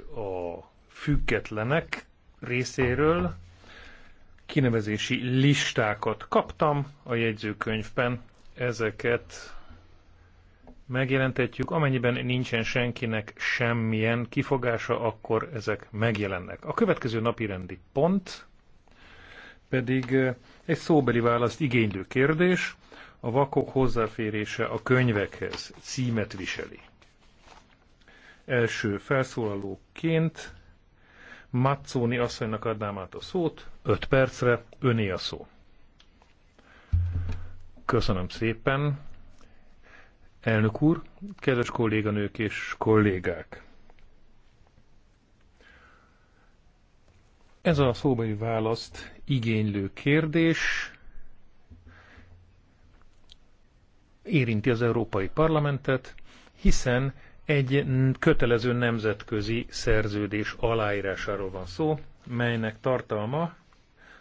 a függetlenek részéről kinevezési listákat kaptam a jegyzőkönyvben. Ezeket megjelentetjük. Amennyiben nincsen senkinek semmilyen kifogása, akkor ezek megjelennek. A következő napi rendi pont pedig eh, egy szóbeli választ igénylő kérdés, a vakok hozzáférése a könyvekhez címet viseli első felszólalóként Mazzoni asszonynak adnám át a szót, 5 percre, öné a szó. Köszönöm szépen, elnök úr, kedves kolléganők és kollégák! Ez a szóbeli választ igénylő kérdés érinti az Európai Parlamentet, hiszen egy kötelező nemzetközi szerződés aláírásáról van szó, melynek tartalma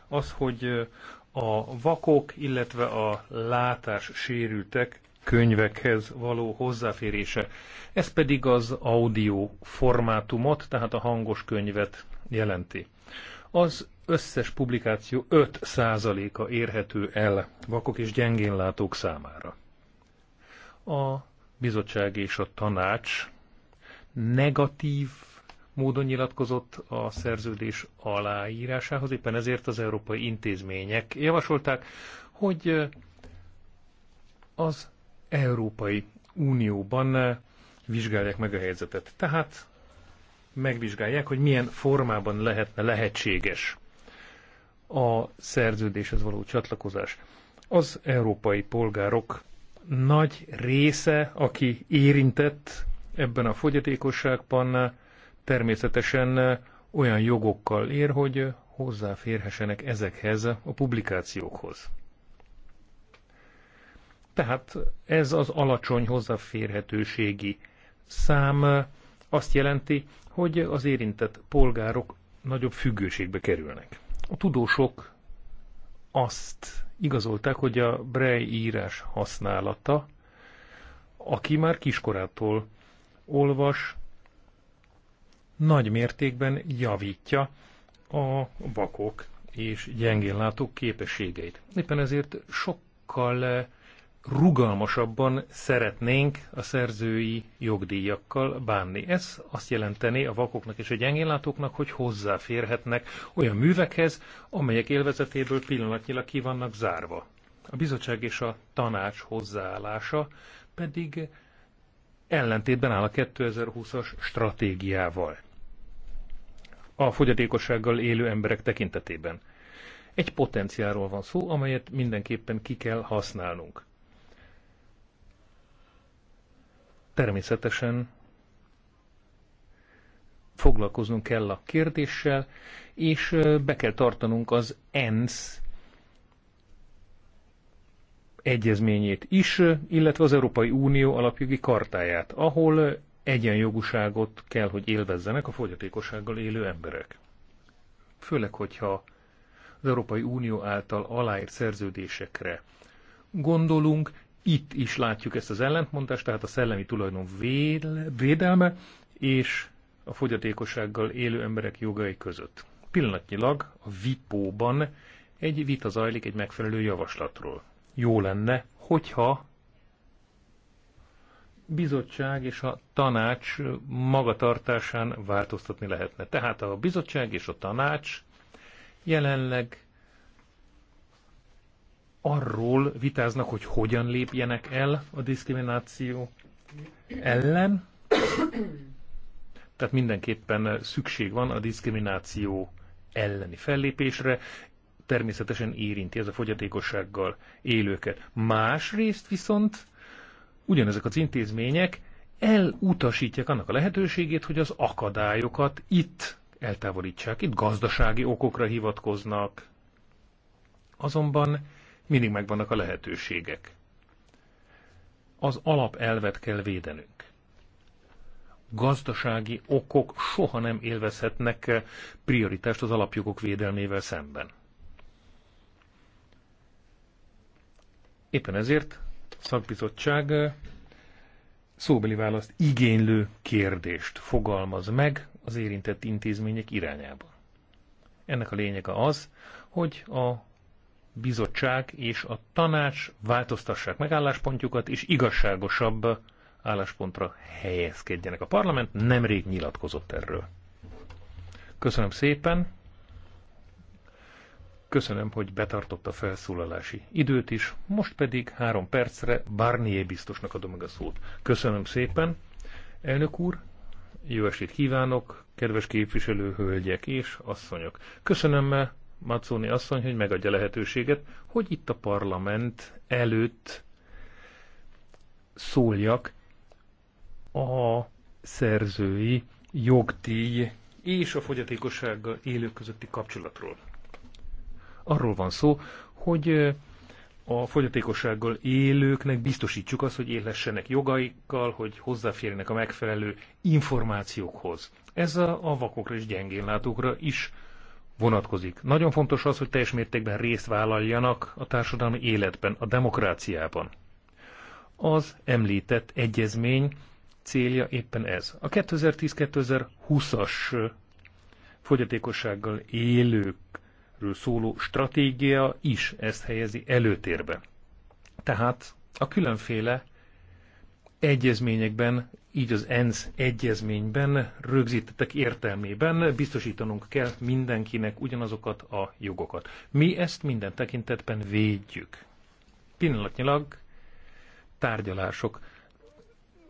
az, hogy a vakok, illetve a látás sérültek könyvekhez való hozzáférése. Ez pedig az audio formátumot, tehát a hangos könyvet jelenti. Az összes publikáció 5%-a érhető el vakok és gyengénlátók számára. A bizottság és a tanács negatív módon nyilatkozott a szerződés aláírásához, éppen ezért az európai intézmények javasolták, hogy az Európai Unióban vizsgálják meg a helyzetet. Tehát megvizsgálják, hogy milyen formában lehetne lehetséges a szerződéshez való csatlakozás. Az európai polgárok nagy része, aki érintett ebben a fogyatékosságban, természetesen olyan jogokkal ér, hogy hozzáférhessenek ezekhez a publikációkhoz. Tehát ez az alacsony hozzáférhetőségi szám azt jelenti, hogy az érintett polgárok nagyobb függőségbe kerülnek. A tudósok azt igazolták, hogy a Brej írás használata, aki már kiskorától olvas, nagy mértékben javítja a vakok és látók képességeit. Éppen ezért sokkal rugalmasabban szeretnénk a szerzői jogdíjakkal bánni. Ez azt jelenteni a vakoknak és a gyengénlátóknak, hogy hozzáférhetnek olyan művekhez, amelyek élvezetéből pillanatnyilag ki vannak zárva. A bizottság és a tanács hozzáállása pedig ellentétben áll a 2020-as stratégiával a fogyatékossággal élő emberek tekintetében. Egy potenciáról van szó, amelyet mindenképpen ki kell használnunk. természetesen foglalkoznunk kell a kérdéssel, és be kell tartanunk az ENSZ egyezményét is, illetve az Európai Unió alapjogi kartáját, ahol egyenjogúságot kell, hogy élvezzenek a fogyatékossággal élő emberek. Főleg, hogyha az Európai Unió által aláírt szerződésekre gondolunk, itt is látjuk ezt az ellentmondást, tehát a szellemi tulajdon védelme és a fogyatékossággal élő emberek jogai között. Pillanatnyilag a VIPO-ban egy vita zajlik egy megfelelő javaslatról. Jó lenne, hogyha bizottság és a tanács magatartásán változtatni lehetne. Tehát a bizottság és a tanács jelenleg arról vitáznak, hogy hogyan lépjenek el a diszkrimináció ellen. Tehát mindenképpen szükség van a diszkrimináció elleni fellépésre, természetesen érinti ez a fogyatékossággal élőket. Másrészt viszont ugyanezek az intézmények elutasítják annak a lehetőségét, hogy az akadályokat itt eltávolítsák. Itt gazdasági okokra hivatkoznak. Azonban mindig megvannak a lehetőségek. Az alapelvet kell védenünk. Gazdasági okok soha nem élvezhetnek prioritást az alapjogok védelmével szemben. Éppen ezért szakbizottság szóbeli választ igénylő kérdést fogalmaz meg az érintett intézmények irányába. Ennek a lényege az, hogy a bizottság és a tanács változtassák meg álláspontjukat, és igazságosabb álláspontra helyezkedjenek. A parlament nemrég nyilatkozott erről. Köszönöm szépen. Köszönöm, hogy betartotta a felszólalási időt is. Most pedig három percre Barnier biztosnak adom meg a szót. Köszönöm szépen. Elnök úr, jó estét kívánok, kedves képviselő, hölgyek és asszonyok. Köszönöm Macóni asszony, hogy megadja lehetőséget, hogy itt a parlament előtt szóljak a szerzői jogdíj és a fogyatékossággal élők közötti kapcsolatról. Arról van szó, hogy a fogyatékossággal élőknek biztosítsuk azt, hogy élhessenek jogaikkal, hogy hozzáférjenek a megfelelő információkhoz. Ez a, a vakokra és gyengénlátókra is vonatkozik. Nagyon fontos az, hogy teljes mértékben részt vállaljanak a társadalmi életben, a demokráciában. Az említett egyezmény célja éppen ez. A 2010-2020-as fogyatékossággal élőkről szóló stratégia is ezt helyezi előtérbe. Tehát a különféle egyezményekben így az ENSZ egyezményben rögzítettek értelmében biztosítanunk kell mindenkinek ugyanazokat a jogokat. Mi ezt minden tekintetben védjük. Pillanatnyilag tárgyalások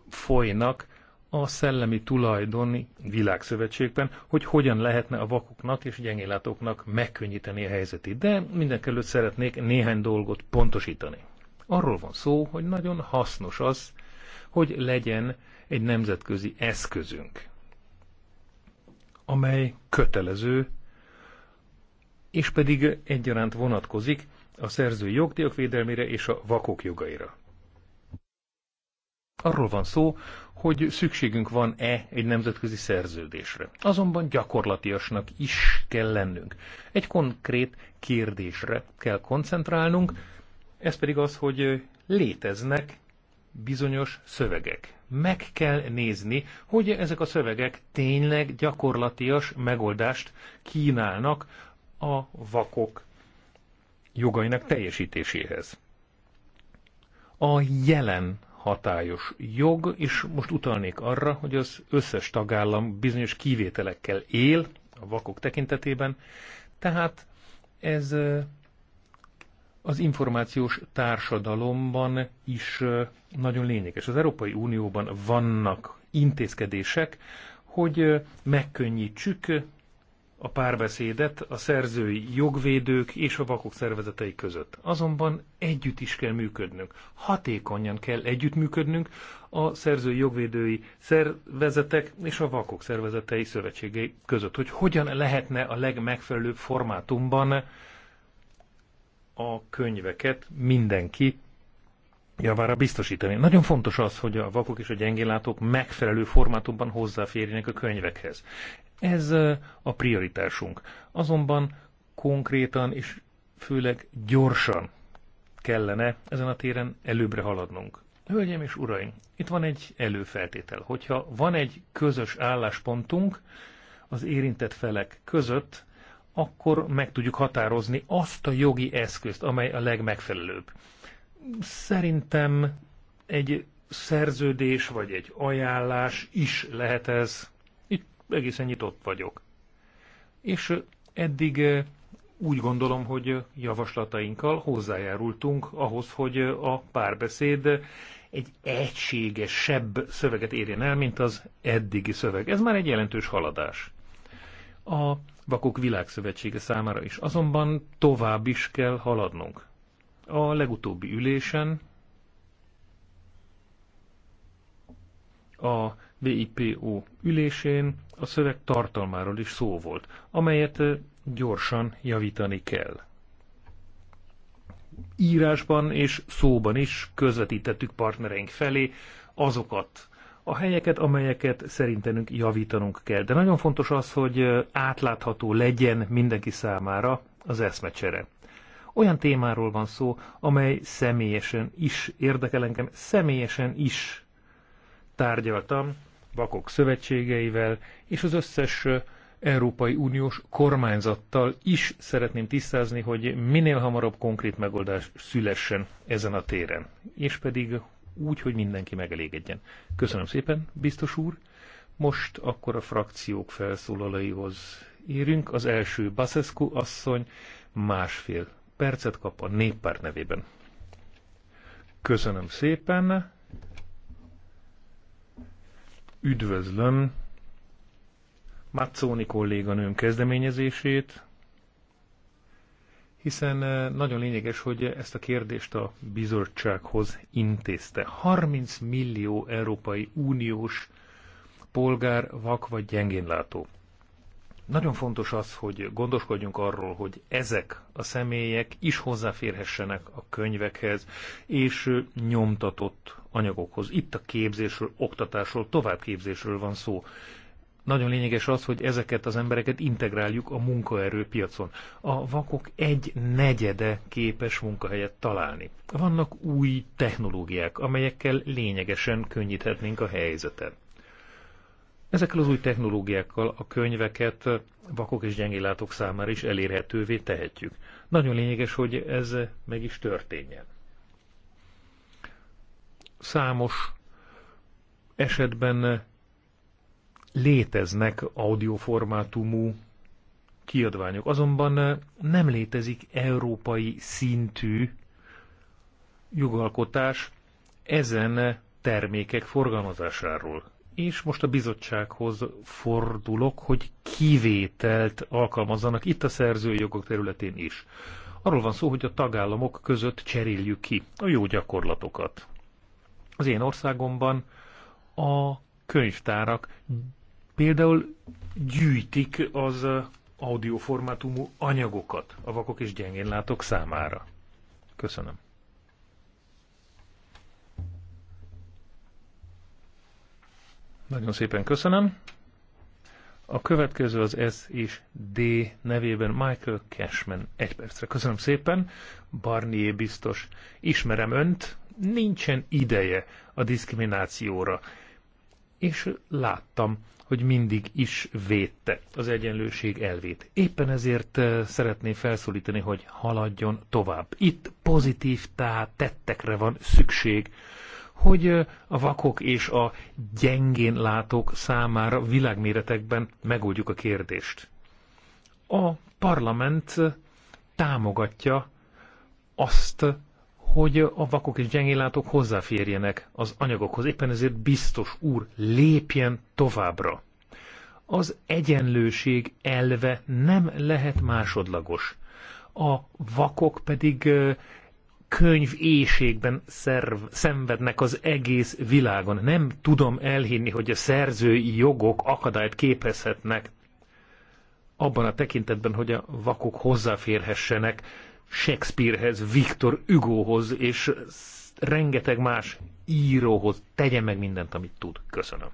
folynak a Szellemi Tulajdoni Világszövetségben, hogy hogyan lehetne a vakoknak és gyengélátóknak megkönnyíteni a helyzetét. De mindenkelőtt szeretnék néhány dolgot pontosítani. Arról van szó, hogy nagyon hasznos az, hogy legyen egy nemzetközi eszközünk, amely kötelező, és pedig egyaránt vonatkozik a szerző jogdíjak védelmére és a vakok jogaira. Arról van szó, hogy szükségünk van-e egy nemzetközi szerződésre. Azonban gyakorlatiasnak is kell lennünk. Egy konkrét kérdésre kell koncentrálnunk, ez pedig az, hogy léteznek bizonyos szövegek. Meg kell nézni, hogy ezek a szövegek tényleg gyakorlatias megoldást kínálnak a vakok jogainak teljesítéséhez. A jelen hatályos jog, és most utalnék arra, hogy az összes tagállam bizonyos kivételekkel él a vakok tekintetében, tehát ez az információs társadalomban is nagyon lényeges. Az Európai Unióban vannak intézkedések, hogy megkönnyítsük a párbeszédet a szerzői jogvédők és a vakok szervezetei között. Azonban együtt is kell működnünk. Hatékonyan kell együttműködnünk a szerzői jogvédői szervezetek és a vakok szervezetei szövetségei között, hogy hogyan lehetne a legmegfelelőbb formátumban a könyveket mindenki javára biztosítani. Nagyon fontos az, hogy a vakok és a gyengéllátók megfelelő formátumban hozzáférjenek a könyvekhez. Ez a prioritásunk. Azonban konkrétan és főleg gyorsan kellene ezen a téren előbbre haladnunk. Hölgyeim és uraim, itt van egy előfeltétel. Hogyha van egy közös álláspontunk az érintett felek között, akkor meg tudjuk határozni azt a jogi eszközt, amely a legmegfelelőbb. Szerintem egy szerződés vagy egy ajánlás is lehet ez. Itt egészen nyitott vagyok. És eddig úgy gondolom, hogy javaslatainkkal hozzájárultunk ahhoz, hogy a párbeszéd egy egységesebb szöveget érjen el, mint az eddigi szöveg. Ez már egy jelentős haladás. A Vakok Világszövetsége számára is. Azonban tovább is kell haladnunk. A legutóbbi ülésen a VIPO ülésén a szöveg tartalmáról is szó volt, amelyet gyorsan javítani kell. Írásban és szóban is közvetítettük partnereink felé azokat a helyeket, amelyeket szerintenünk javítanunk kell. De nagyon fontos az, hogy átlátható legyen mindenki számára az eszmecsere. Olyan témáról van szó, amely személyesen is érdekel engem, személyesen is tárgyaltam vakok szövetségeivel, és az összes Európai Uniós kormányzattal is szeretném tisztázni, hogy minél hamarabb konkrét megoldás szülessen ezen a téren. És pedig úgy, hogy mindenki megelégedjen. Köszönöm szépen, biztos úr. Most akkor a frakciók felszólalaihoz érünk. Az első Baszeszku asszony másfél percet kap a néppár nevében. Köszönöm szépen. Üdvözlöm Mazzoni kolléganőm kezdeményezését, hiszen eh, nagyon lényeges, hogy ezt a kérdést a bizottsághoz intézte. 30 millió Európai Uniós polgár vak vagy gyengénlátó. Nagyon fontos az, hogy gondoskodjunk arról, hogy ezek a személyek is hozzáférhessenek a könyvekhez és eh, nyomtatott anyagokhoz. Itt a képzésről, oktatásról, továbbképzésről van szó nagyon lényeges az, hogy ezeket az embereket integráljuk a munkaerőpiacon. A vakok egy negyede képes munkahelyet találni. Vannak új technológiák, amelyekkel lényegesen könnyíthetnénk a helyzetet. Ezekkel az új technológiákkal a könyveket vakok és gyengélátók számára is elérhetővé tehetjük. Nagyon lényeges, hogy ez meg is történjen. Számos esetben léteznek audioformátumú kiadványok, azonban nem létezik európai szintű jogalkotás ezen termékek forgalmazásáról. És most a bizottsághoz fordulok, hogy kivételt alkalmazzanak itt a szerzői jogok területén is. Arról van szó, hogy a tagállamok között cseréljük ki a jó gyakorlatokat. Az én országomban a könyvtárak Például gyűjtik az audioformátumú anyagokat a vakok és gyengén számára. Köszönöm. Nagyon szépen köszönöm. A következő az S és D nevében Michael Cashman. Egy percre. Köszönöm szépen. Barnier biztos. Ismerem önt. Nincsen ideje a diszkriminációra és láttam, hogy mindig is védte az egyenlőség elvét. Éppen ezért eh, szeretném felszólítani, hogy haladjon tovább. Itt pozitív tá tettekre van szükség, hogy eh, a vakok és a gyengén látók számára világméretekben megoldjuk a kérdést. A parlament eh, támogatja azt hogy a vakok és gyengéllátók hozzáférjenek az anyagokhoz. Éppen ezért biztos úr, lépjen továbbra. Az egyenlőség elve nem lehet másodlagos. A vakok pedig könyv éjségben szerv, szenvednek az egész világon. Nem tudom elhinni, hogy a szerzői jogok akadályt képezhetnek abban a tekintetben, hogy a vakok hozzáférhessenek Shakespearehez, Viktor Hugohoz és rengeteg más íróhoz tegye meg mindent, amit tud. Köszönöm.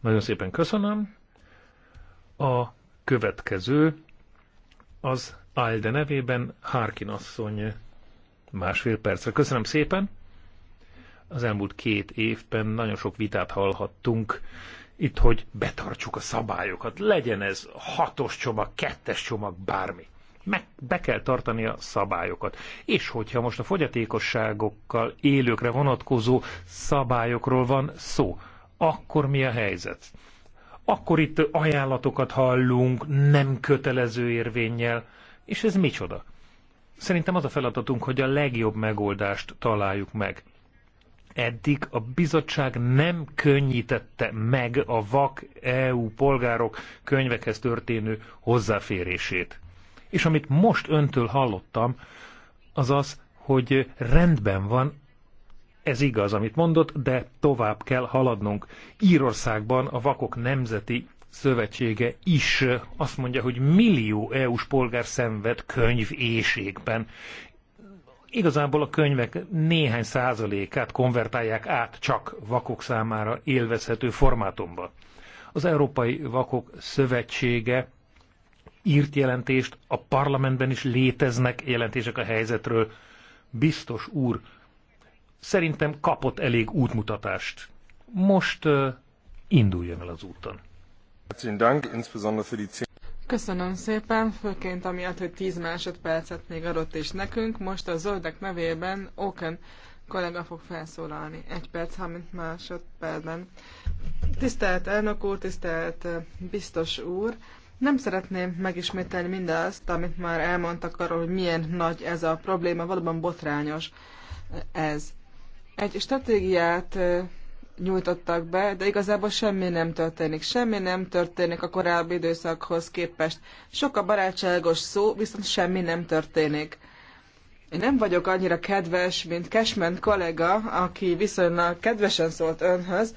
Nagyon szépen köszönöm. A következő az Alde nevében Harkin asszony másfél percre. Köszönöm szépen. Az elmúlt két évben nagyon sok vitát hallhattunk itt, hogy betartsuk a szabályokat. Legyen ez hatos csomag, kettes csomag, bármi meg be kell tartani a szabályokat. És hogyha most a fogyatékosságokkal élőkre vonatkozó szabályokról van szó, akkor mi a helyzet? Akkor itt ajánlatokat hallunk nem kötelező érvényel, és ez micsoda? Szerintem az a feladatunk, hogy a legjobb megoldást találjuk meg. Eddig a bizottság nem könnyítette meg a vak EU polgárok könyvekhez történő hozzáférését és amit most öntől hallottam, az az, hogy rendben van, ez igaz, amit mondott, de tovább kell haladnunk. Írországban a Vakok Nemzeti Szövetsége is azt mondja, hogy millió EU-s polgár szenved könyv éjségben. Igazából a könyvek néhány százalékát konvertálják át csak vakok számára élvezhető formátumba. Az Európai Vakok Szövetsége írt jelentést, a parlamentben is léteznek jelentések a helyzetről. Biztos úr, szerintem kapott elég útmutatást. Most uh, induljon el az úton. Köszönöm szépen, főként amiatt, hogy 10 másodpercet még adott is nekünk. Most a zöldek nevében Oken kollega fog felszólalni. Egy perc, 30 másodpercben. Tisztelt elnök úr, tisztelt biztos úr! Nem szeretném megismételni mindazt, amit már elmondtak arról, hogy milyen nagy ez a probléma, valóban botrányos ez. Egy stratégiát nyújtottak be, de igazából semmi nem történik. Semmi nem történik a korábbi időszakhoz képest. Sok a barátságos szó, viszont semmi nem történik. Én nem vagyok annyira kedves, mint Cashman kollega, aki viszonylag kedvesen szólt önhöz,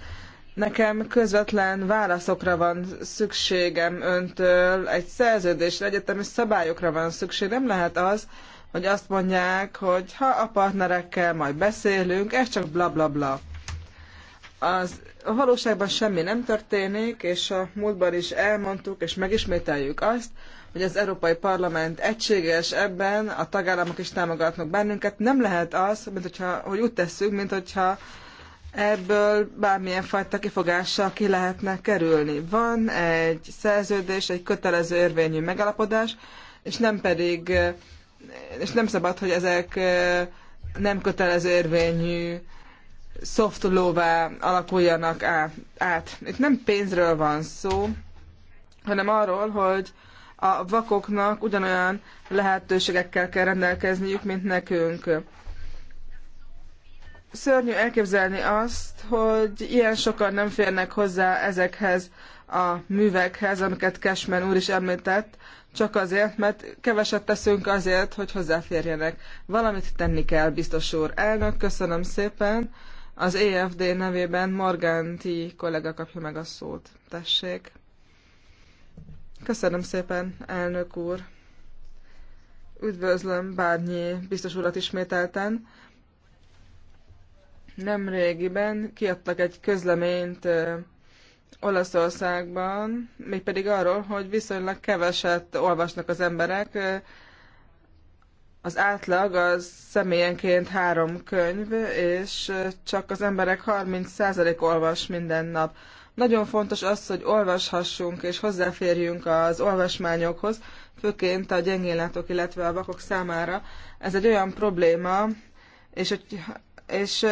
Nekem közvetlen válaszokra van szükségem öntől, egy szerződésre, egyetemi szabályokra van szükség. Nem lehet az, hogy azt mondják, hogy ha a partnerekkel majd beszélünk, ez csak bla bla bla. Az a valóságban semmi nem történik, és a múltban is elmondtuk, és megismételjük azt, hogy az Európai Parlament egységes ebben, a tagállamok is támogatnak bennünket. Nem lehet az, mint hogyha, hogy úgy tesszük, mint hogyha ebből bármilyen fajta kifogással ki lehetne kerülni. Van egy szerződés, egy kötelező érvényű megállapodás, és nem pedig, és nem szabad, hogy ezek nem kötelező érvényű soft lóvá alakuljanak át. Itt nem pénzről van szó, hanem arról, hogy a vakoknak ugyanolyan lehetőségekkel kell rendelkezniük, mint nekünk szörnyű elképzelni azt, hogy ilyen sokan nem férnek hozzá ezekhez a művekhez, amiket Cashman úr is említett, csak azért, mert keveset teszünk azért, hogy hozzáférjenek. Valamit tenni kell, biztos úr. Elnök, köszönöm szépen. Az EFD nevében Morganti kollega kapja meg a szót. Tessék. Köszönöm szépen, elnök úr. Üdvözlöm Bárnyi biztos urat ismételten nem régiben kiadtak egy közleményt Olaszországban, mégpedig arról, hogy viszonylag keveset olvasnak az emberek. Az átlag az személyenként három könyv, és csak az emberek 30% olvas minden nap. Nagyon fontos az, hogy olvashassunk és hozzáférjünk az olvasmányokhoz, főként a gyengénlátók, illetve a vakok számára. Ez egy olyan probléma, és hogy és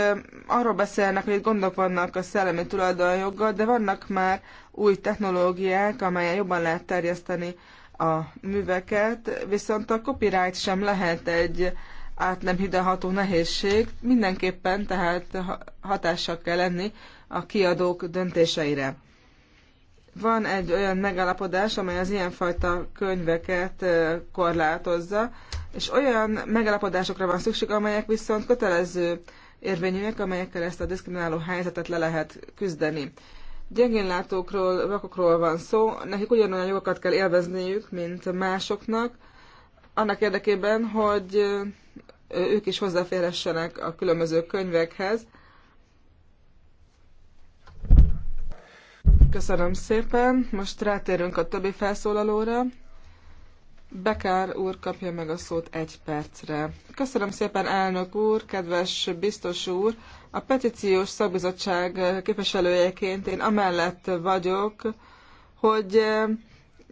arról beszélnek, hogy gondok vannak a szellemi tulajdonjoggal, de vannak már új technológiák, amelyen jobban lehet terjeszteni a műveket, viszont a copyright sem lehet egy át nem hideható nehézség, mindenképpen tehát hatással kell lenni a kiadók döntéseire. Van egy olyan megállapodás, amely az ilyenfajta könyveket korlátozza, és olyan megállapodásokra van szükség, amelyek viszont kötelező érvényűek, amelyekkel ezt a diszkrimináló helyzetet le lehet küzdeni. Gyengénlátókról, vakokról van szó, nekik ugyanolyan jogokat kell élvezniük, mint másoknak, annak érdekében, hogy ők is hozzáférhessenek a különböző könyvekhez. Köszönöm szépen. Most rátérünk a többi felszólalóra. Bekár úr kapja meg a szót egy percre. Köszönöm szépen, elnök úr, kedves biztos úr! A petíciós szakbizottság képviselőjeként én amellett vagyok, hogy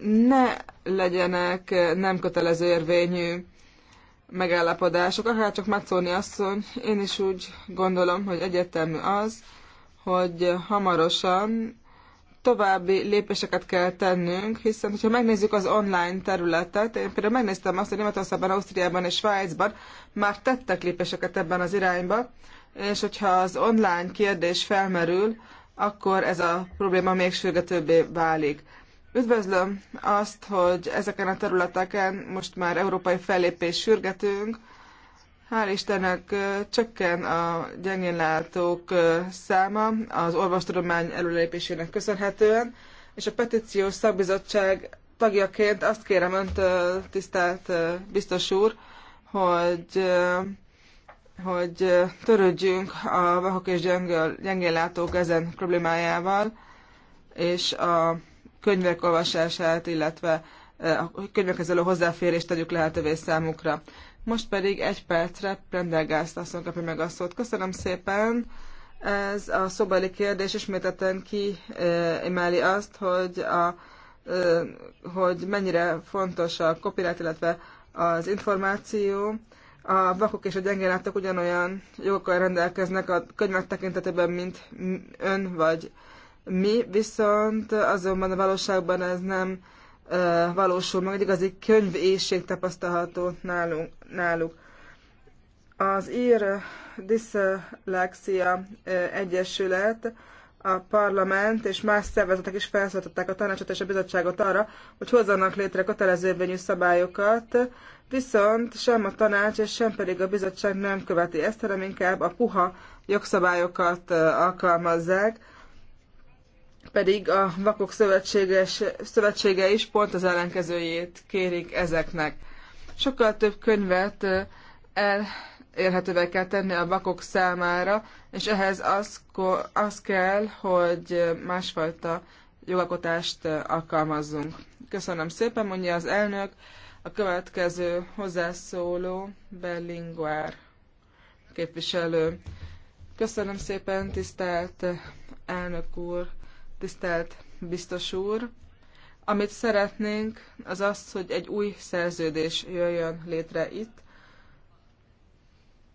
ne legyenek nem kötelező érvényű megállapodások, akár csak Macóni asszony, én is úgy gondolom, hogy egyetemű az, hogy hamarosan további lépéseket kell tennünk, hiszen ha megnézzük az online területet, én például megnéztem azt, hogy Németországban, Ausztriában és Svájcban már tettek lépéseket ebben az irányba, és hogyha az online kérdés felmerül, akkor ez a probléma még sürgetőbbé válik. Üdvözlöm azt, hogy ezeken a területeken most már európai fellépés sürgetünk, Hál' Istennek csökken a gyengénlátók száma az orvostudomány előlépésének köszönhetően, és a petíciós szakbizottság tagjaként azt kérem önt, tisztelt biztos úr, hogy, hogy törődjünk a vakok és gyengénlátók ezen problémájával, és a könyvek olvasását, illetve a könyvekhez való hozzáférést tegyük lehetővé számukra. Most pedig egy percre Prendergast asszony kapja meg a szót. Köszönöm szépen! Ez a szobali kérdés ismételten emeli azt, hogy, a, hogy mennyire fontos a copyright, illetve az információ. A vakok és a gyengénátok ugyanolyan jogokkal rendelkeznek a könyvek tekintetében, mint ön vagy mi, viszont azonban a valóságban ez nem valósul meg, egy igazi könyvészség tapasztalható nálunk, náluk. Az ír Diszlexia Egyesület a parlament és más szervezetek is felszólították a tanácsot és a bizottságot arra, hogy hozzanak létre kötelezővényű szabályokat, viszont sem a tanács és sem pedig a bizottság nem követi ezt, hanem inkább a puha jogszabályokat alkalmazzák pedig a Vakok Szövetséges, Szövetsége is pont az ellenkezőjét kérik ezeknek. Sokkal több könyvet elérhetővé kell tenni a vakok számára, és ehhez az, az kell, hogy másfajta jogalkotást alkalmazzunk. Köszönöm szépen, mondja az elnök. A következő hozzászóló Bellinguer képviselő. Köszönöm szépen, tisztelt elnök úr, tisztelt biztos úr! Amit szeretnénk, az az, hogy egy új szerződés jöjjön létre itt.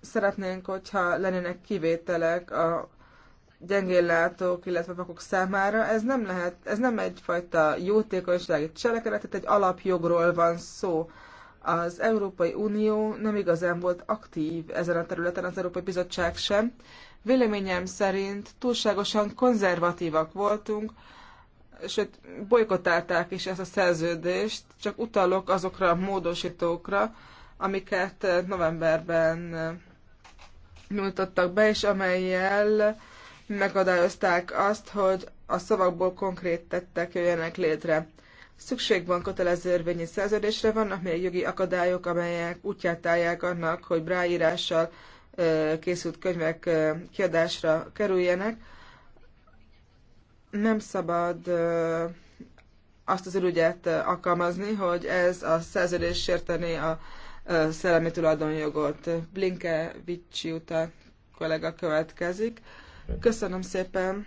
Szeretnénk, hogyha lennének kivételek a gyengéllátók, illetve vakok számára. Ez nem lehet, ez nem egyfajta jótékonysági cselekedet, tehát egy alapjogról van szó. Az Európai Unió nem igazán volt aktív ezen a területen, az Európai Bizottság sem, Véleményem szerint túlságosan konzervatívak voltunk, sőt, bolykotálták is ezt a szerződést, csak utalok azokra a módosítókra, amiket novemberben nyújtottak be, és amelyel megadályozták azt, hogy a szavakból konkrét tettek jöjjenek létre. Szükség van kötelező érvényi szerződésre, vannak még jogi akadályok, amelyek útját állják annak, hogy ráírással készült könyvek kiadásra kerüljenek. Nem szabad azt az ürügyet alkalmazni, hogy ez a szerződés sérteni a szellemi tulajdonjogot. Blinke Vicsi uta kollega következik. Köszönöm szépen,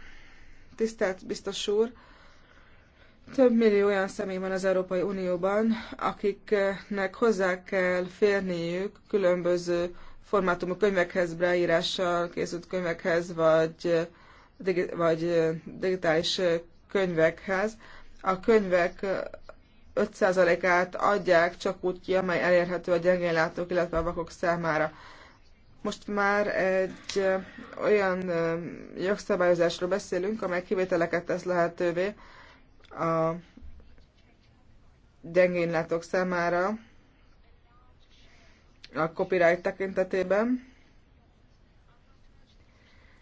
tisztelt biztos úr! Több millió olyan személy van az Európai Unióban, akiknek hozzá kell férniük különböző formátumú könyvekhez, beírással készült könyvekhez, vagy, digi- vagy digitális könyvekhez. A könyvek 5%-át adják csak úgy ki, amely elérhető a látók, illetve a vakok számára. Most már egy olyan jogszabályozásról beszélünk, amely kivételeket tesz lehetővé a látók számára, a copyright tekintetében.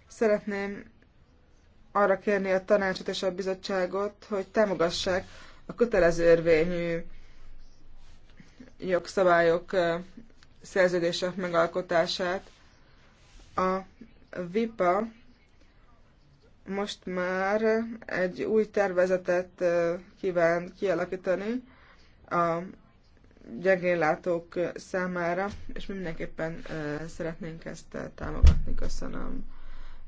Szeretném arra kérni a tanácsot és a bizottságot, hogy támogassák a kötelező érvényű jogszabályok, szerződések megalkotását. A VIPA most már egy új tervezetet kíván kialakítani a gyengéllátók számára, és mi mindenképpen szeretnénk ezt támogatni. Köszönöm.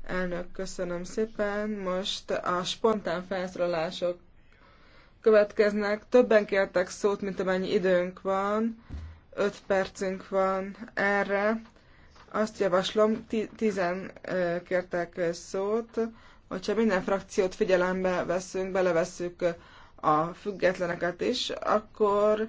Elnök, köszönöm szépen. Most a spontán felszólalások következnek. Többen kértek szót, mint amennyi időnk van. 5 percünk van erre. Azt javaslom, tizen kértek szót, hogyha minden frakciót figyelembe veszünk, beleveszünk a függetleneket is, akkor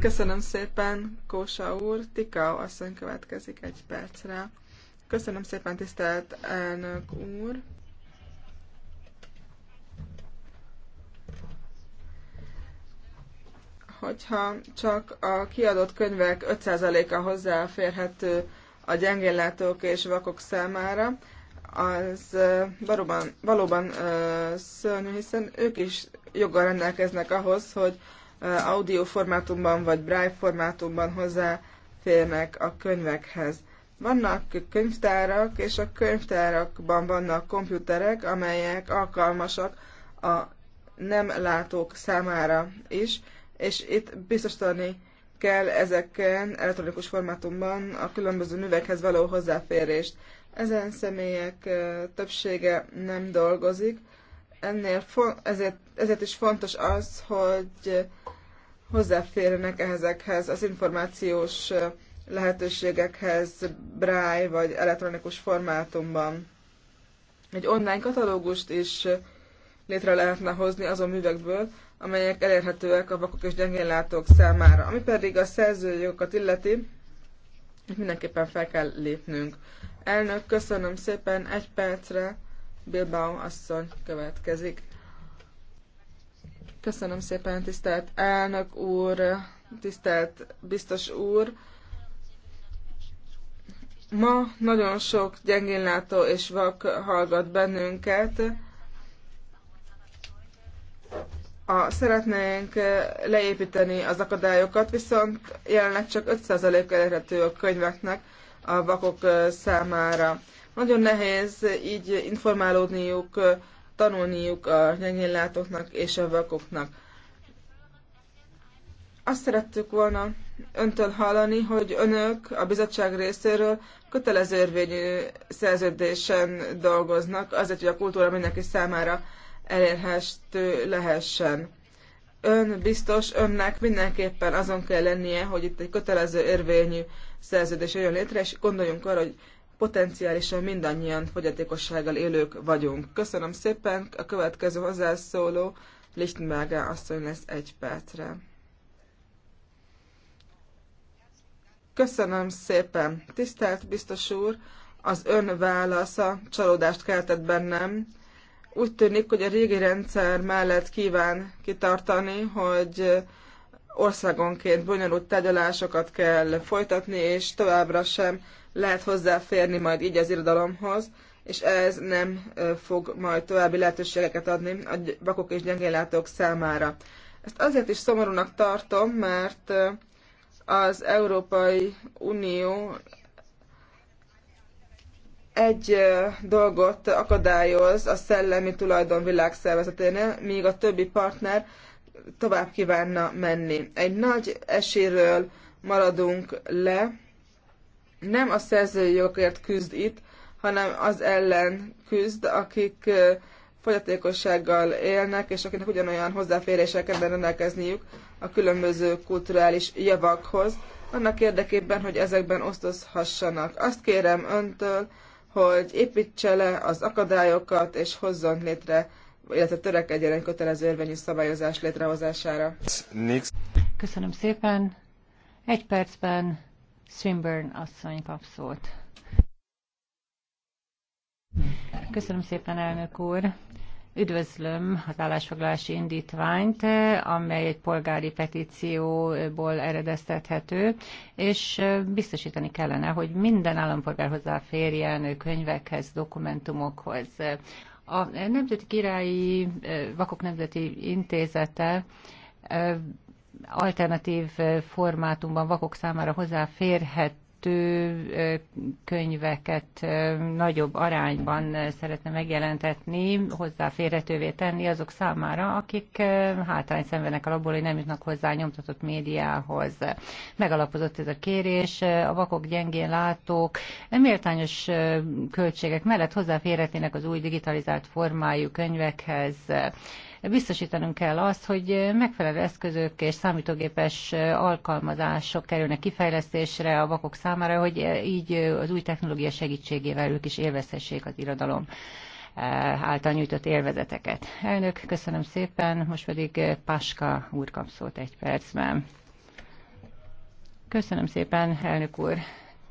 Köszönöm szépen, Kósa úr. Tikau asszony következik egy percre. Köszönöm szépen, tisztelt elnök úr. hogyha csak a kiadott könyvek 5%-a hozzáférhető a gyengéllátók és vakok számára, az valóban, valóban szörnyű, hiszen ők is joggal rendelkeznek ahhoz, hogy audio formátumban vagy braille formátumban hozzáférnek a könyvekhez. Vannak könyvtárak, és a könyvtárakban vannak komputerek, amelyek alkalmasak a nem látók számára is, és itt biztosítani kell ezeken elektronikus formátumban a különböző művekhez való hozzáférést. Ezen személyek többsége nem dolgozik, ennél ezért, ezért is fontos az, hogy hozzáférjenek ezekhez az információs lehetőségekhez braille vagy elektronikus formátumban. Egy online katalógust is létre lehetne hozni azon művekből, amelyek elérhetőek a vakok és gyengénlátók számára. Ami pedig a szerzőjogokat illeti, mindenképpen fel kell lépnünk. Elnök, köszönöm szépen, egy percre Bilbao asszony következik. Köszönöm szépen, tisztelt elnök úr, tisztelt biztos úr. Ma nagyon sok gyengénlátó és vak hallgat bennünket a, szeretnénk leépíteni az akadályokat, viszont jelenleg csak 5% elérhető a könyveknek a vakok számára. Nagyon nehéz így informálódniuk, tanulniuk a gyengénlátóknak és a vakoknak. Azt szerettük volna öntől hallani, hogy önök a bizottság részéről kötelező érvényű szerződésen dolgoznak, azért, hogy a kultúra mindenki számára elérhető lehessen. Ön biztos, önnek mindenképpen azon kell lennie, hogy itt egy kötelező érvényű szerződés jön létre, és gondoljunk arra, hogy potenciálisan mindannyian fogyatékossággal élők vagyunk. Köszönöm szépen, a következő hozzászóló Lichtenberger asszony lesz egy percre. Köszönöm szépen, tisztelt biztos úr, az ön válasza csalódást keltett bennem, úgy tűnik, hogy a régi rendszer mellett kíván kitartani, hogy országonként bonyolult tárgyalásokat kell folytatni, és továbbra sem lehet hozzáférni majd így az irodalomhoz, és ez nem fog majd további lehetőségeket adni a vakok és gyengénlátók számára. Ezt azért is szomorúnak tartom, mert az Európai Unió egy dolgot akadályoz a szellemi tulajdon világszervezeténél, míg a többi partner tovább kívánna menni. Egy nagy eséről maradunk le, nem a szerzői jogért küzd itt, hanem az ellen küzd, akik fogyatékossággal élnek, és akiknek ugyanolyan hozzáférések kellene rendelkezniük a különböző kulturális javakhoz, annak érdekében, hogy ezekben osztozhassanak. Azt kérem öntől, hogy építse le az akadályokat, és hozzon létre, illetve törekedjen egy kötelező érvényű szabályozás létrehozására. Köszönöm szépen. Egy percben Swinburne asszony kap szót. Köszönöm szépen, elnök úr. Üdvözlöm az állásfoglalási indítványt, amely egy polgári petícióból eredeztethető, és biztosítani kellene, hogy minden állampolgár hozzáférjen könyvekhez, dokumentumokhoz. A Nemzeti Királyi Vakok Nemzeti Intézete alternatív formátumban vakok számára hozzáférhet vezető könyveket nagyobb arányban szeretne megjelentetni, hozzáférhetővé tenni azok számára, akik hátrány szenvednek a labból, hogy nem jutnak hozzá nyomtatott médiához. Megalapozott ez a kérés, a vakok, gyengén látók méltányos költségek mellett hozzáférhetnének az új digitalizált formájú könyvekhez. Biztosítanunk kell azt, hogy megfelelő eszközök és számítógépes alkalmazások kerülnek kifejlesztésre a vakok számára, hogy így az új technológia segítségével ők is élvezhessék az irodalom által nyújtott élvezeteket. Elnök, köszönöm szépen, most pedig Páska úr kap szót egy percben. Köszönöm szépen, elnök úr.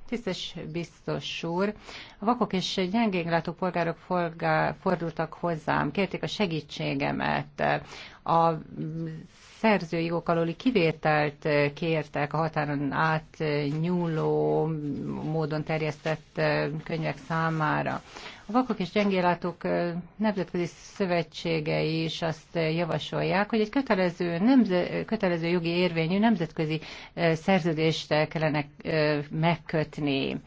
Tisztes biztos úr, a vakok és gyengéglátó polgárok forgá, fordultak hozzám, kérték a segítségemet, a jogok alóli kivételt eh, kértek a határon át nyúló módon terjesztett eh, könyvek számára. A Vakok és Gyengélátók eh, Nemzetközi Szövetsége is azt javasolják, hogy egy kötelező, nemze, kötelező jogi érvényű nemzetközi szerződést kellene megkötni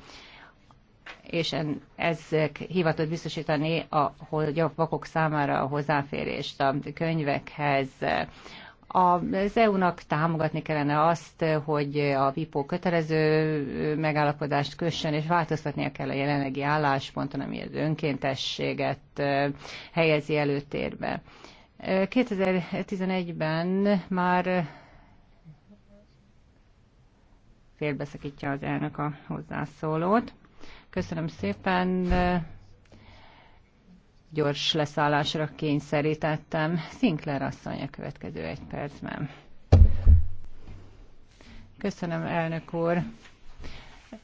és ezek hivatott biztosítani a, a vakok számára a hozzáférést a könyvekhez. Az EU-nak támogatni kellene azt, hogy a VIPO kötelező megállapodást kössön, és változtatnia kell a jelenlegi állásponton, ami az önkéntességet helyezi előtérbe. 2011-ben már félbeszakítja az elnök a hozzászólót. Köszönöm szépen gyors leszállásra kényszerítettem. Sinclair asszony a következő egy percben. Köszönöm, elnök úr.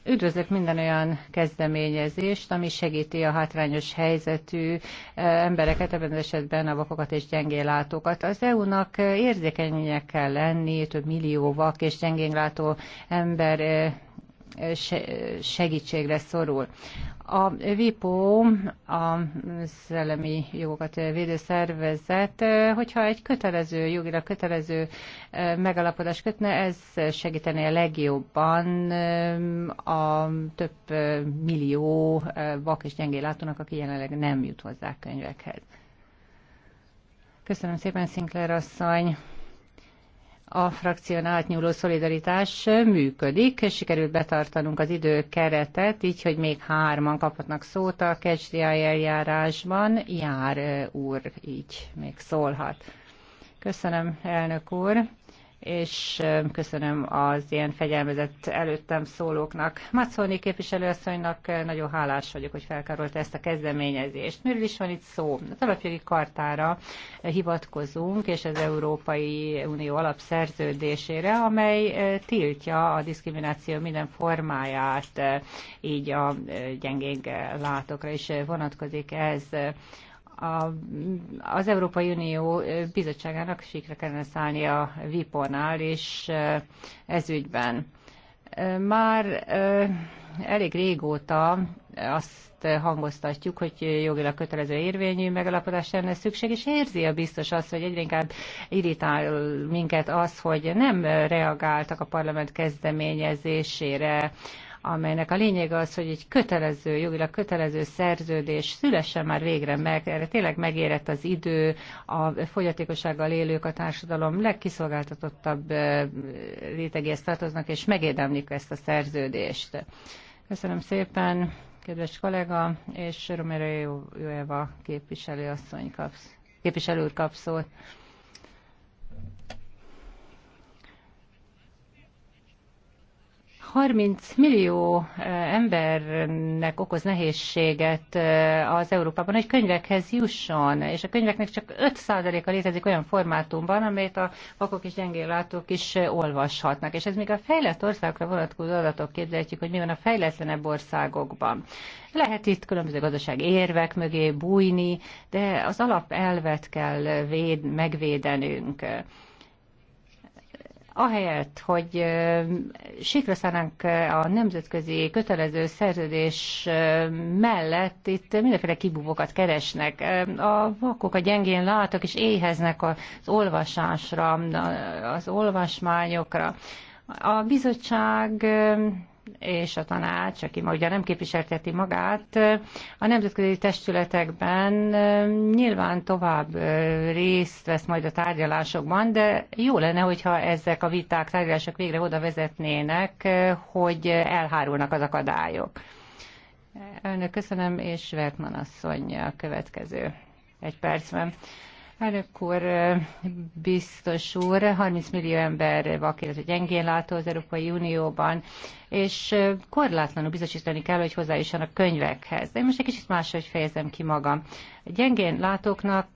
Üdvözlök minden olyan kezdeményezést, ami segíti a hátrányos helyzetű eh, embereket, ebben az esetben a vakokat és gyengéllátókat. Az EU-nak érzékenynek kell lenni, több millió vak és gyengénlátó ember eh, segítségre szorul. A VIPO, a szellemi jogokat védő szervezet, hogyha egy kötelező, jogira kötelező megalapodás kötne, ez segíteni a legjobban a több millió vak és gyengélátónak, aki jelenleg nem jut hozzá könyvekhez. Köszönöm szépen, Sinclair asszony! a frakción átnyúló szolidaritás működik. és Sikerült betartanunk az időkeretet, így, hogy még hárman kaphatnak szót a KSDI eljárásban. Jár úr így még szólhat. Köszönöm, elnök úr és köszönöm az ilyen fegyelmezett előttem szólóknak. Macolni képviselőasszonynak nagyon hálás vagyok, hogy felkarolta ezt a kezdeményezést. Miről is van itt szó? Az alapjogi kartára hivatkozunk, és az Európai Unió alapszerződésére, amely tiltja a diszkrimináció minden formáját, így a gyengénk látokra is vonatkozik ez a, az Európai Unió bizottságának sikre kellene szállni a Vipornál, és ügyben. Már elég régóta azt hangoztatjuk, hogy jogilag kötelező érvényű megalapodás lenne szükség, és érzi a biztos azt, hogy egyre inkább irritál minket az, hogy nem reagáltak a parlament kezdeményezésére, amelynek a lényege az, hogy egy kötelező, jogilag kötelező szerződés szülessen már végre meg, erre tényleg megérett az idő, a fogyatékossággal élők a társadalom legkiszolgáltatottabb rétegéhez tartoznak, és megérdemlik ezt a szerződést. Köszönöm szépen, kedves kollega, és Romero Jóeva képviselő asszony kapsz, képviselő úr kap szót. 30 millió embernek okoz nehézséget az Európában, hogy könyvekhez jusson, és a könyveknek csak 5%-a létezik olyan formátumban, amelyet a vakok és gyengéllátók is olvashatnak. És ez még a fejlett országokra vonatkozó adatok képzeljük, hogy mi van a fejletlenebb országokban. Lehet itt különböző gazdaság érvek mögé bújni, de az alapelvet kell véd, megvédenünk ahelyett, hogy sikraszánánk a nemzetközi kötelező szerződés mellett, itt mindenféle kibúvókat keresnek. A vakok a gyengén látok, és éheznek az olvasásra, az olvasmányokra. A bizottság és a tanács, aki ma ugye nem képviselteti magát, a nemzetközi testületekben nyilván tovább részt vesz majd a tárgyalásokban, de jó lenne, hogyha ezek a viták, tárgyalások végre oda vezetnének, hogy elhárulnak az akadályok. Önök köszönöm, és Vertman asszony a következő. Egy percben. Elnök úr, biztos úr, 30 millió ember vakillető gyengén látó az Európai Unióban, és korlátlanul biztosítani kell, hogy hozzájussanak könyvekhez. De én most egy kicsit máshogy fejezem ki magam. Gyengén látóknak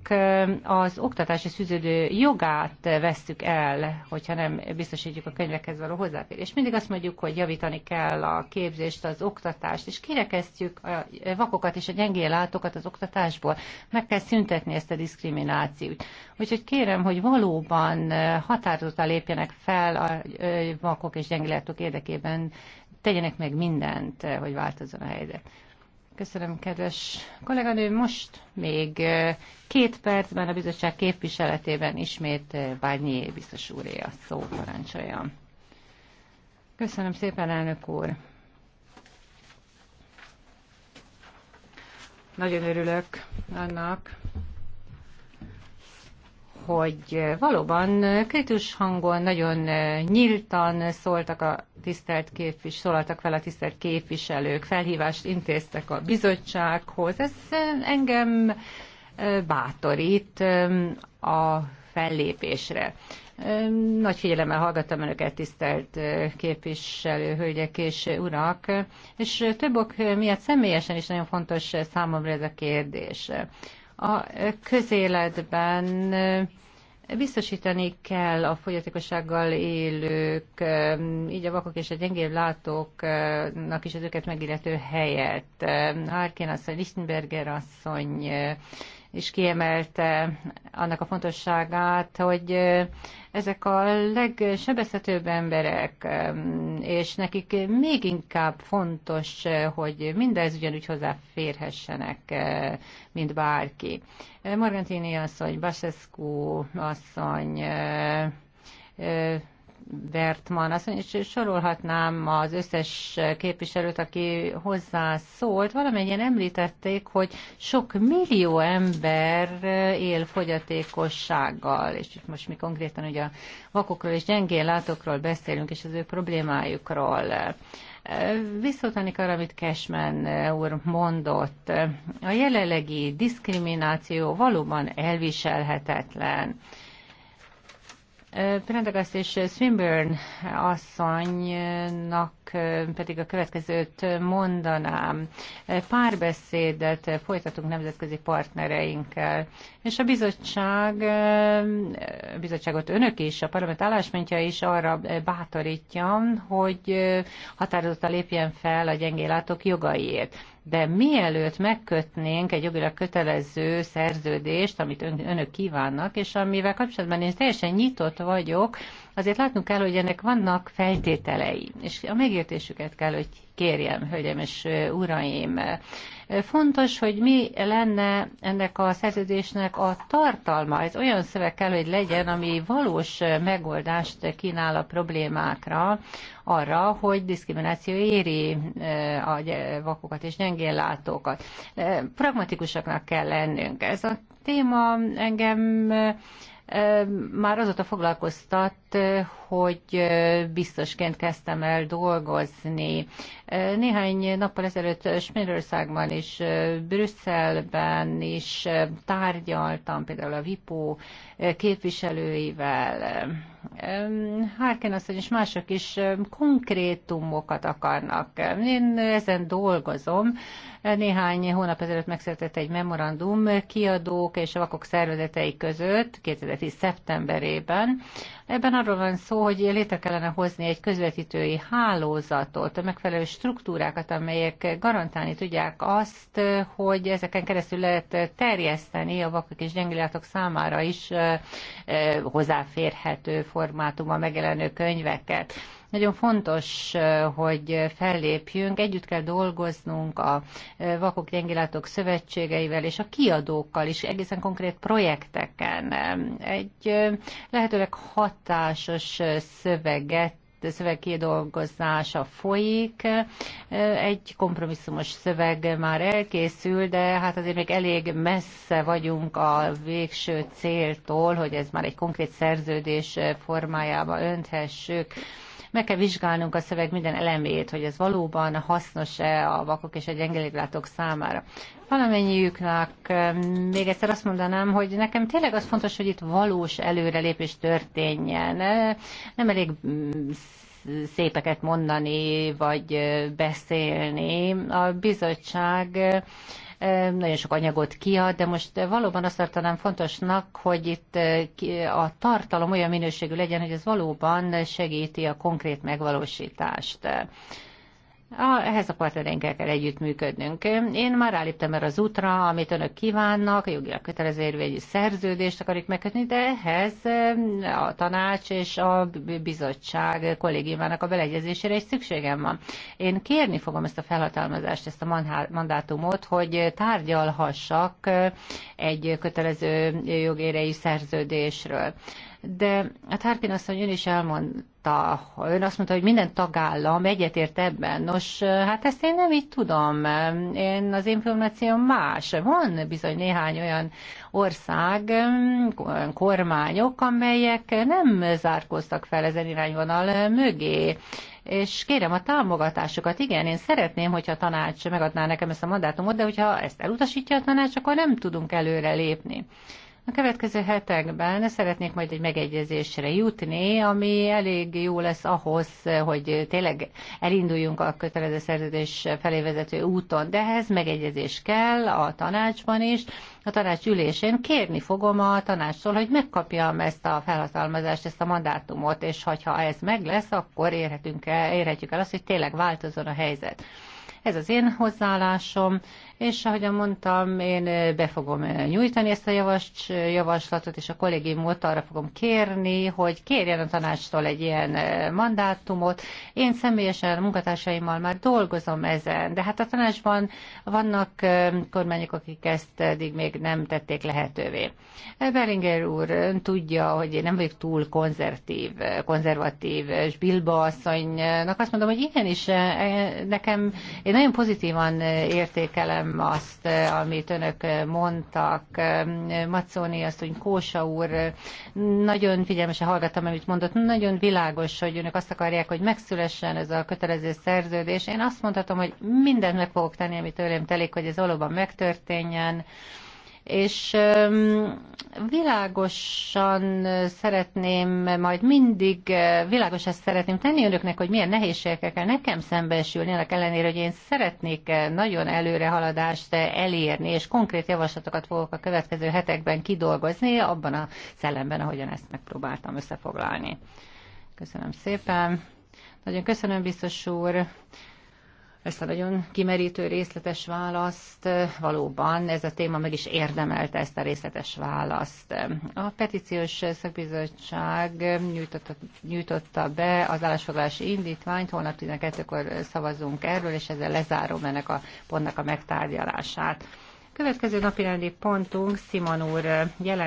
az oktatási szűződő jogát vesztük el, hogyha nem biztosítjuk a könyvekhez való hozzáférést. Mindig azt mondjuk, hogy javítani kell a képzést, az oktatást, és kirekesztjük a vakokat és a gyengén látókat az oktatásból. Meg kell szüntetni ezt a diszkriminációt információt. Úgyhogy kérem, hogy valóban határozottan lépjenek fel a vakok és gyengéletok érdekében, tegyenek meg mindent, hogy változzon a helyzet. Köszönöm, kedves kolléganő. Most még két percben a bizottság képviseletében ismét Bányi biztos úré a szó parancsolja. Köszönöm szépen, elnök úr. Nagyon örülök annak, hogy eh, valóban eh, kritikus hangon, nagyon eh, nyíltan szóltak a tisztelt képvis, szólaltak fel a tisztelt képviselők, felhívást intéztek a bizottsághoz. Ez engem bátorít a fellépésre. Nagy figyelemmel hallgattam önöket, tisztelt képviselő hölgyek és urak, és több ok miatt személyesen is nagyon fontos számomra ez a kérdés. A közéletben eh, biztosítani kell a fogyatékossággal élők, eh, így a vakok és a gyengébb látóknak is az őket megillető helyet. Eh, Harkin asszony, Lichtenberger asszony is kiemelte annak a fontosságát, hogy ezek a legsebezhetőbb emberek, és nekik még inkább fontos, hogy mindez ugyanúgy hozzáférhessenek, mint bárki. Morgantini asszony, Basescu asszony, Bertman mondja, és sorolhatnám az összes képviselőt, aki hozzá szólt. valamennyien említették, hogy sok millió ember él fogyatékossággal, és most mi konkrétan ugye a vakokról és gyengén látokról beszélünk, és az ő problémájukról. Visszatérnék arra, amit Cashman úr mondott. A jelenlegi diszkrimináció valóban elviselhetetlen Prendergast és Swinburne asszonynak pedig a következőt mondanám. Párbeszédet folytatunk nemzetközi partnereinkkel, és a bizottság, a bizottságot önök is, a parlament álláspontja is arra bátorítja, hogy határozottan lépjen fel a gyengélátok jogaiért de mielőtt megkötnénk egy jogilag kötelező szerződést, amit önök kívánnak, és amivel kapcsolatban én teljesen nyitott vagyok, azért látnunk kell, hogy ennek vannak feltételei, és a megértésüket kell, hogy kérjem, hölgyem és uraim. Fontos, hogy mi lenne ennek a szerződésnek a tartalma. Ez olyan szöveg kell, hogy legyen, ami valós megoldást kínál a problémákra, arra, hogy diszkrimináció éri a vakokat és gyengéllátókat. Pragmatikusaknak kell lennünk. Ez a téma engem már azóta foglalkoztat, hogy biztosként kezdtem el dolgozni. Néhány nappal ezelőtt Spanyolországban és Brüsszelben is tárgyaltam, például a VIPO képviselőivel, Harken asszony és mások is konkrétumokat akarnak. Én ezen dolgozom. Néhány hónap ezelőtt megszületett egy memorandum kiadók és a vakok szervezetei között 2010. szeptemberében, Ebben arról van szó, hogy létre kellene hozni egy közvetítői hálózatot, a megfelelő struktúrákat, amelyek garantálni tudják azt, hogy ezeken keresztül lehet terjeszteni a vakok és gyengilátok számára is eh, eh, hozzáférhető formátumban megjelenő könyveket. Nagyon fontos, hogy fellépjünk, együtt kell dolgoznunk a Vakok Gyengilátók Szövetségeivel és a kiadókkal is, egészen konkrét projekteken. Egy lehetőleg hatásos szöveget szövegkidolgozása folyik. Egy kompromisszumos szöveg már elkészül, de hát azért még elég messze vagyunk a végső céltól, hogy ez már egy konkrét szerződés formájába önthessük. Meg kell vizsgálnunk a szöveg minden elemét, hogy ez valóban hasznos-e a vakok és a gyengeléglátók számára. Valamennyiüknek még egyszer azt mondanám, hogy nekem tényleg az fontos, hogy itt valós előrelépés történjen. Nem elég mm, szépeket mondani, vagy beszélni. A bizottság nagyon sok anyagot kiad, de most eh, valóban azt tartanám fontosnak, hogy itt eh, a tartalom olyan minőségű legyen, hogy ez valóban segíti a konkrét megvalósítást. A, ehhez a partnereinkkel kell együttműködnünk. Én már ráléptem erre az útra, amit önök kívánnak, a jogilag kötelező érvényű szerződést akarjuk megkötni, de ehhez eh, a tanács és a bizottság kollégiumának a beleegyezésére is szükségem van. Én kérni fogom ezt a felhatalmazást, ezt a mandátumot, hogy tárgyalhassak eh, egy kötelező jogérei szerződésről de hát azt asszony ön is elmondta, ön azt mondta, hogy minden tagállam egyetért ebben. Nos, hát ezt én nem így tudom. Én az információm más. Van bizony néhány olyan ország, mm, kormányok, amelyek nem zárkóztak fel ezen irányvonal mögé és kérem a támogatásokat. Igen, én szeretném, hogyha a tanács megadná nekem ezt a mandátumot, de hogyha ezt elutasítja a tanács, akkor nem tudunk előre lépni. A következő hetekben szeretnék majd egy megegyezésre jutni, ami elég jó lesz ahhoz, hogy tényleg elinduljunk a kötelező szerződés felé vezető úton, de ehhez megegyezés kell a tanácsban is. A tanács ülésén kérni fogom a tanácstól, hogy megkapjam ezt a felhatalmazást, ezt a mandátumot, és ha ez meg lesz, akkor érhetünk el, érhetjük el azt, hogy tényleg változon a helyzet. Ez az én hozzáállásom, és ahogyan mondtam, én be fogom nyújtani ezt a javas, javaslatot, és a kollégiumot arra fogom kérni, hogy kérjen a tanácstól egy ilyen mandátumot. Én személyesen a munkatársaimmal már dolgozom ezen, de hát a tanácsban vannak kormányok, akik ezt eddig még nem tették lehetővé. Beringer úr ön tudja, hogy én nem vagyok túl konzervatív, konzervatív, és Bilba asszonynak azt mondom, hogy igenis, nekem én nagyon pozitívan értékelem azt, amit önök mondtak. Macóni, azt, hogy Kósa úr, nagyon figyelmesen hallgattam, amit mondott, nagyon világos, hogy önök azt akarják, hogy megszülessen ez a kötelező szerződés. Én azt mondhatom, hogy mindent meg fogok tenni, amit tőlem telik, hogy ez valóban megtörténjen és világosan szeretném majd mindig, világos ezt szeretném tenni önöknek, hogy milyen nehézségekkel kell nekem szembesülni, annak ellenére, hogy én szeretnék nagyon előre haladást elérni, és konkrét javaslatokat fogok a következő hetekben kidolgozni, abban a szellemben, ahogyan ezt megpróbáltam összefoglalni. Köszönöm szépen. Nagyon köszönöm, biztos úr ezt a nagyon kimerítő részletes választ. Valóban ez a téma meg is érdemelte ezt a részletes választ. A petíciós szakbizottság nyújtotta, nyújtotta be az állásfoglalási indítványt, holnap 12-kor szavazunk erről, és ezzel lezárom ennek a pontnak a megtárgyalását. Következő napi rendi pontunk Simon úr jelent.